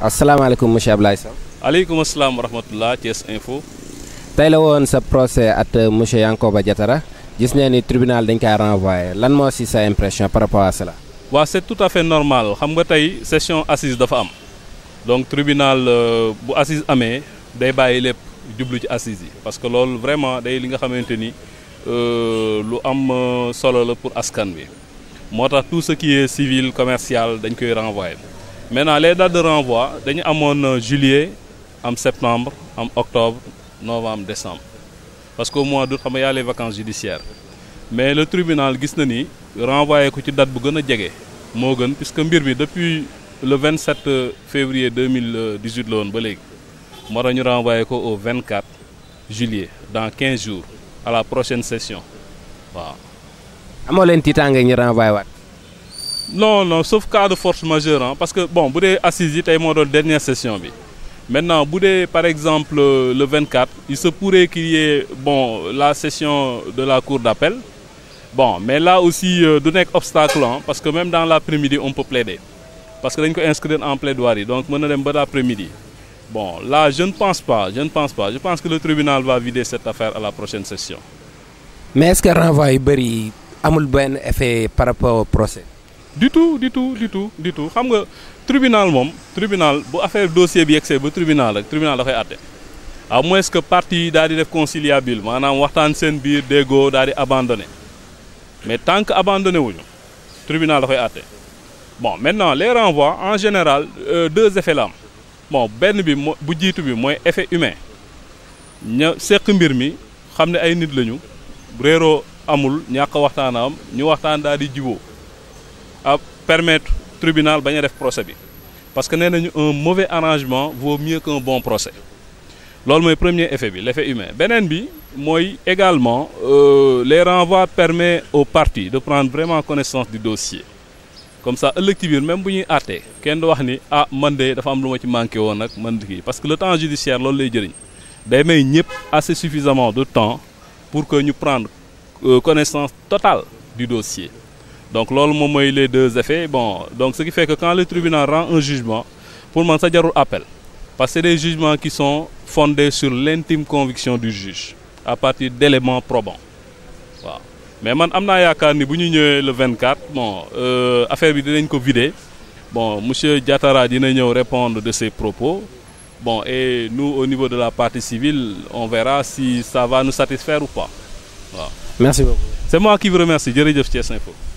asalaamaaleykum monsieur Ablaye Sow. aleykum asalaam wa rahmatulah Thiès Info. tey la woon sa procès at euh, monsieur Yankoba Diatara gis nee ni tribunal dañ koy renvoyé lan moo si sa impression par rapport à cela. waaw tout à fait normal xam nga tey session assise dafa am donc tribunal euh, bu assise amee day bàyyi lépp jublu ci assise yi parce que loolu vraiment day li nga xamante ni euh, lu am solo la pour askan bi moo tax tout ce qui est civil commercial dañ koy renvoyé. maintenant les dates de renvoi c'est en euh, juillet en septembre en octobre novembre décembre parce qu'au mois de travail y a les vacances judiciaires mais le tribunal il na renvoyé date de renvoi. puisque depuis le 27 euh, février 2018 la au 24 juillet dans 15 jours à la prochaine session non non sauf cas de force majeure hein, parce que bon vous êtes assis, vous êtes dernière session bi maintenant vous êtes, par exemple euh, le 24 il se pourrait qu'il y ait bon la session de la cour d'appel bon mais là aussi euh, du un obstacle hein, parce que même dans l'après-midi on peut plaider parce que dañ inscrit inscrire en plaidoirie donc vous na dem l'après-midi bon là je ne pense pas je ne pense pas je pense que le tribunal va vider cette affaire à la prochaine session. mais est-ce que renvoi est fait amul effet par rapport au procès du tout du tout du tout du tout xam nga tribunal moom tribunal bu affaire dossier bi yegsee ba tribunal rek tribunal dafay àtte à moins que partie yi daal di def conciliable maanaam waxtaan seen biir déggoo daal di mais tant que abandonné wuñu tribunal koy àtte bon maintenant les renvois en général euh, deux effets la am bon benn bi bu jiitu bi mooy effet humain ña seq mbir mi xam ne ay nit lañu réeroo amul ñàkk waxtaana ñu waxtaan daal di à permettre tribunal de faire def procès parce que un mauvais arrangement vaut mieux qu'un bon procès C'est le premier effet l'effet humain beneen bi également euh, les renvois permettent aux parties de prendre vraiment connaissance du dossier comme ça ëllëg même si on est kenn à wax ni ah de dafa am lu ci manqué parce que le temps judiciaire c'est lay jëriñ day may ñëpp assez suffisamment de temps pour que nous prendre euh, connaissance totale du dossier donc, il les deux effets. Bon, donc, ce qui fait que quand le tribunal rend un jugement, pour moi, ça y appel. Parce que c'est des jugements qui sont fondés sur l'intime conviction du juge, à partir d'éléments probants. Mais man, amna yakar le 24, bon, euh, affaire bi Bon, monsieur Diatara dina répondre de ses propos. Bon, et nous, au niveau de la partie civile, on verra si ça va nous satisfaire ou pas. Merci beaucoup. C'est moi qui vous remercie. Djerejef Info.